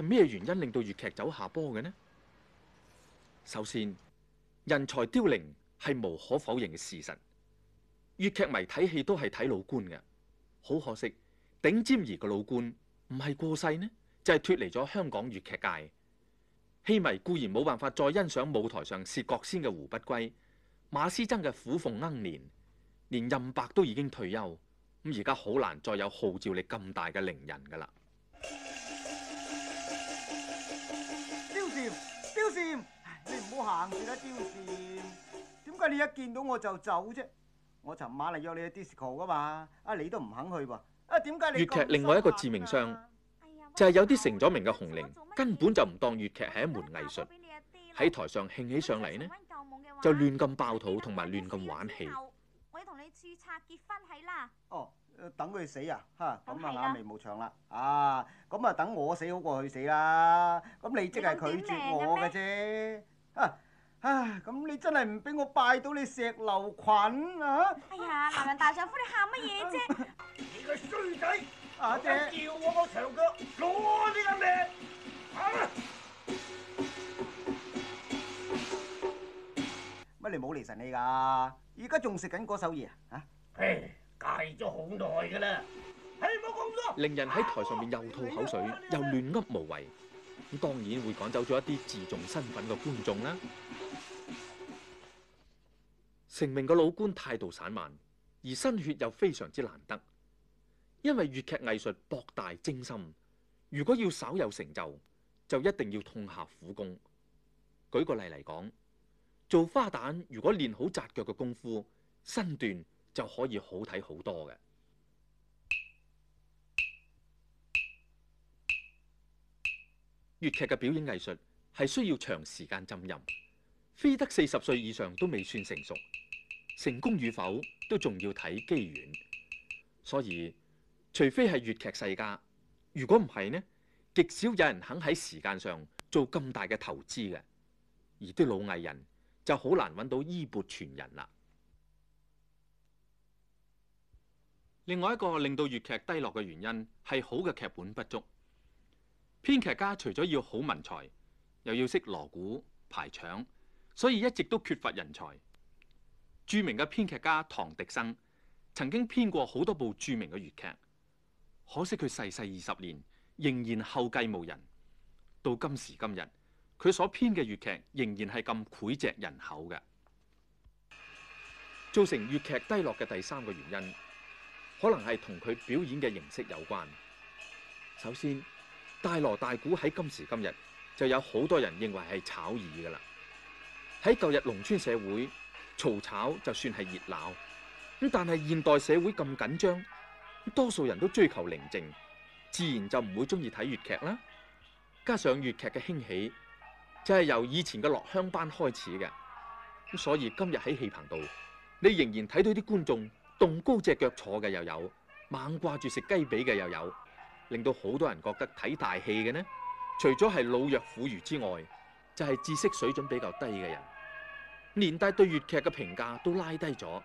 係咩原因令到粵劇走下坡嘅呢？首先，人才凋零係無可否認嘅事實。粵劇迷睇戲都係睇老倌嘅，好可惜，頂尖兒嘅老倌唔係過世呢，就係脫離咗香港粵劇界。戲迷固然冇辦法再欣賞舞台上薛覺先嘅胡不歸、馬師曾嘅苦鳳恩年，連任伯都已經退休，咁而家好難再有號召力咁大嘅伶人噶啦。你唔好行住啦，貂蟬！點解你一見到我就走啫？我尋晚嚟約你去 disco 噶嘛，啊，你都唔肯去喎。啊，點解你粵劇另外一個致命傷就係有啲成咗名嘅紅伶根本就唔當粵劇係一門藝術，喺台上興起上嚟呢，就亂咁爆肚同埋亂咁玩戲。我要同你注冊結婚係啦哦。等佢死啊！哈咁啊，眼眉無長啦啊！咁啊，等我死好過佢死啦！咁你即係拒絕我嘅啫！哈唉！咁你真係唔俾我拜到你石榴裙啊！哎呀，男人大丈夫，你喊乜嘢啫？你個衰仔，阿爹！叫我個長腳攞呢根命！乜你冇嚟神氣噶？而家仲食緊嗰手嘢啊！吓。戒咗好耐噶啦，令人喺台上面又吐口水，又亂噏無謂，咁當然會趕走咗一啲自重身份嘅觀眾啦。成名嘅老倌態度散漫，而新血又非常之難得，因為粵劇藝術博大精深，如果要稍有成就，就一定要痛下苦功。舉個例嚟講，做花旦如果練好紮腳嘅功夫、身段。就可以好睇好多嘅粵劇嘅，表演藝術係需要長時間浸淫，非得四十歲以上都未算成熟。成功與否都仲要睇機緣，所以除非係粵劇世家，如果唔係呢，極少有人肯喺時間上做咁大嘅投資嘅，而啲老藝人就好難搵到衣缽傳人啦。另外一個令到粵劇低落嘅原因係好嘅劇本不足，編劇家除咗要好文才，又要識鑼鼓排場，所以一直都缺乏人才。著名嘅編劇家唐滌生曾經編過好多部著名嘅粵劇，可惜佢逝世二十年，仍然後繼無人。到今時今日，佢所編嘅粵劇仍然係咁膾炙人口嘅。造成粵劇低落嘅第三個原因。可能係同佢表演嘅形式有關。首先，大鑼大鼓，喺今時今日就有好多人認為係炒耳㗎喇。喺舊日農村社會，嘈吵就算係熱鬧。咁但係現代社會咁緊張，多數人都追求寧靜，自然就唔會中意睇粵劇啦。加上粵劇嘅興起，就係由以前嘅落鄉班開始嘅。所以今日喺戲棚度，你仍然睇到啲觀眾。棟高隻腳坐嘅又有，猛掛住食雞髀嘅又有，令到好多人覺得睇大戲嘅呢，除咗係老弱婦孺之外，就係、是、知識水準比較低嘅人，連帶對粵劇嘅評價都拉低咗。